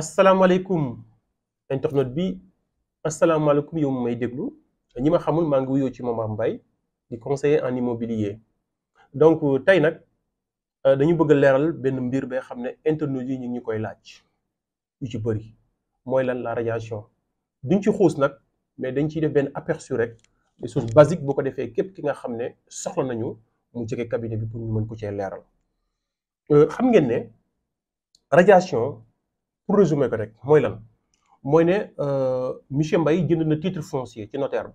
asalaamaaleykum internet bi yow may ñi xamul ngi conseiller en immobilier donc tay euh, dañu bëgg ben internet yi la radiation duñ ci mais dañ ci def ben aperçu rek choses basiques ko képp ki nga nañu mu cabinet bi pour ñu euh, radiation pour résumer ko rek mooy lan ne euh, monsieur Mbaye jënd titre foncier ci notaire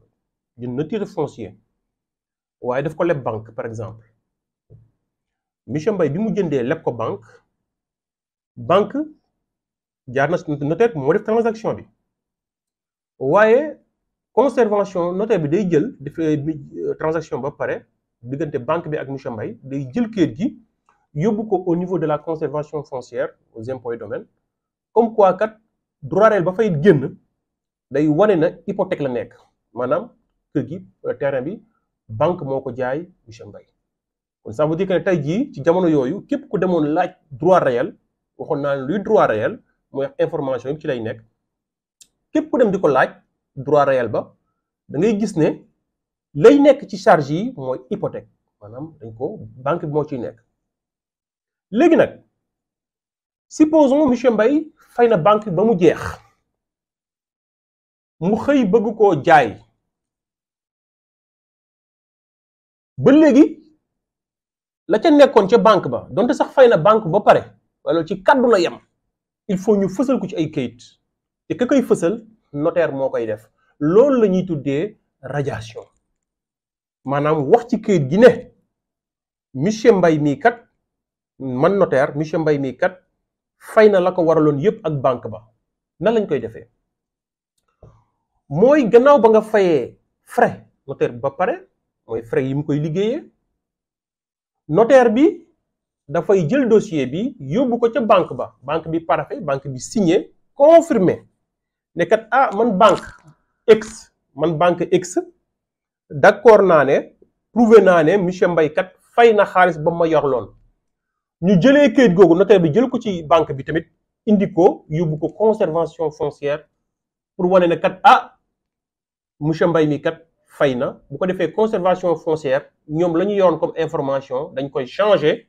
bi jënd titre foncier waaye daf ko banque par exemple monsieur Mbaye bi mu jëndee leb ko banque banque jaar na notaire transaction bi waaye conservation notaire bi day jël def euh, euh, transaction ba pare diggante banque bi ak monsieur Mbaye day jël kayit gi ko au niveau de la conservation foncière aux impôts et domaines comme quoi kat droit ba fay génn day wane na hypothèque la nekk maanaam kër gi wala bi banque moo ko jaay monsieur Mbaye kon ça veut que ne tey jii ci jamono yooyu képp ku demoon laaj droit réel waxoon naa luy droit réel mooy information yi ci lay nekk képp ku dem di ko laaj droit réel ba da ngay gis ne lay nekk ci charge yi mooy hypothèque maanaam dañ ko banque bi moo ciy nekk léegi nag supposons monsieur Mbaye fay na banque ba mu jeex mu xëy bëgg koo jaay ba léegi la ca nekkoon ca banque ba donte sax fay na banque ba pare wala ci kaddu la yem il faut ñu fësal ko ci ay kayit te ka koy fësal notaire moo koy def loolu lañuy tuddee radiation maanaam wax ci këyit gi ne monsieur Mbaye mii kat man notaire monsieur Mbaye kat. fay na la ko waraloon yépp ak banque ba nan lañ koy defee mooy gannaaw ba nga fayee frais notaire bi ba pare mooy frais yi mu koy liggéeyee notaire bi dafay jël dossier bi yóbbu ko ca banque ba banque bi paraphé banque bi signé confirmé ne kat ah man banque x man banque x d'accord naa ne prouvé naa ne monsieur mbaykat kat fay na xaalis ba ma yorloon ñu jëlee kayit googu notaire bi jël ko ci banque bi tamit indi ko yóbbu ko conservation foncière pour wane ne kat ah monsieur mbay mi kat fay na bu ko defee conservation foncière ñoom la ñu yoroon comme information dañ koy changer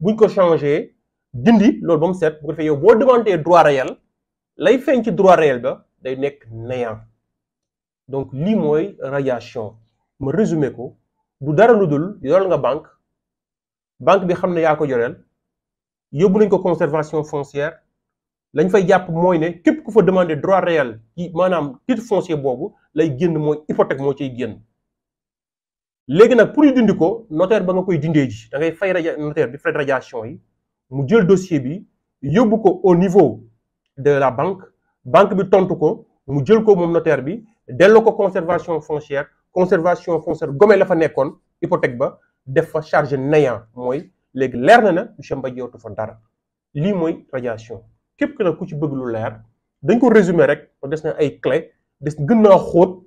buñ ko changer dindi loolu ba mu set bu ko defee yow boo demandé droit réel lay feeñ ci droit réel ba day nekk néant donc lii mooy radiation ma résumé ko du dara lu dul yoral nga banque banque bi xam ne yaa ko yoreel yóbbu nañ ko conservation foncière lañ fay jàpp mooy ne képp ku fa demander droit réel ci maanaam titre foncier boobu lay génn mooy hypothèque moo ciy génn léegi nag pour ñu dindi ko notaire ba nga koy dindee ji da ngay fay rajo notaire bi frais de radiation yi mu jël dossier bi yóbbu ko au niveau de la banque banque bi tontu ko mu jël ko moom notaire bi delloo ko conservation foncière conservation foncière gome la fa nekkoon hypothèque ba def fa charge néant mooy léegi leer na na monsieur Mbaye yowtu fa dara lii mooy radiation képp ku ne ku ci bëgg lu leer dañ ko résumer rek des na ay clé des gën naa xóot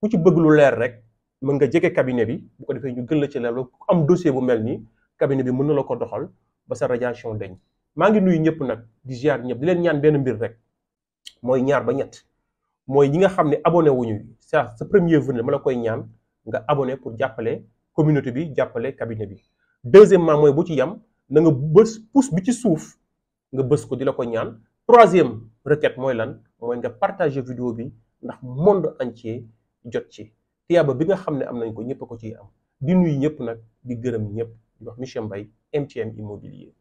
ku ci bëgg lu leer rek mën nga jege cabinet bi bu ko defee ñu gën la ci leer ku am dossier bu mel nii cabinet bi mën na la ko doxal ba sa radiation dañ maa ngi nuyu ñëpp nag di ziar ñëpp di leen ñaan benn mbir rek mooy ñaar ba ñett mooy ñi nga xam ne abonné wuñu sa sa premier venu ma la koy ñaan nga abonné pour jàppale communauté bi jàppale cabinet bi deuxièmement mooy bu ci yam na nga bës pouce bi ci suuf nga bës ko di la ko ñaan troisième requête mooy lan mooy nga partager vidéo bi ndax monde entier jot ci tiyaaba bi nga xam ne am nañ ko ñëpp a ko ci am di nuyu ñëpp nag di gërëm ñëpp di wax monsieur Mbaye MTM immobilier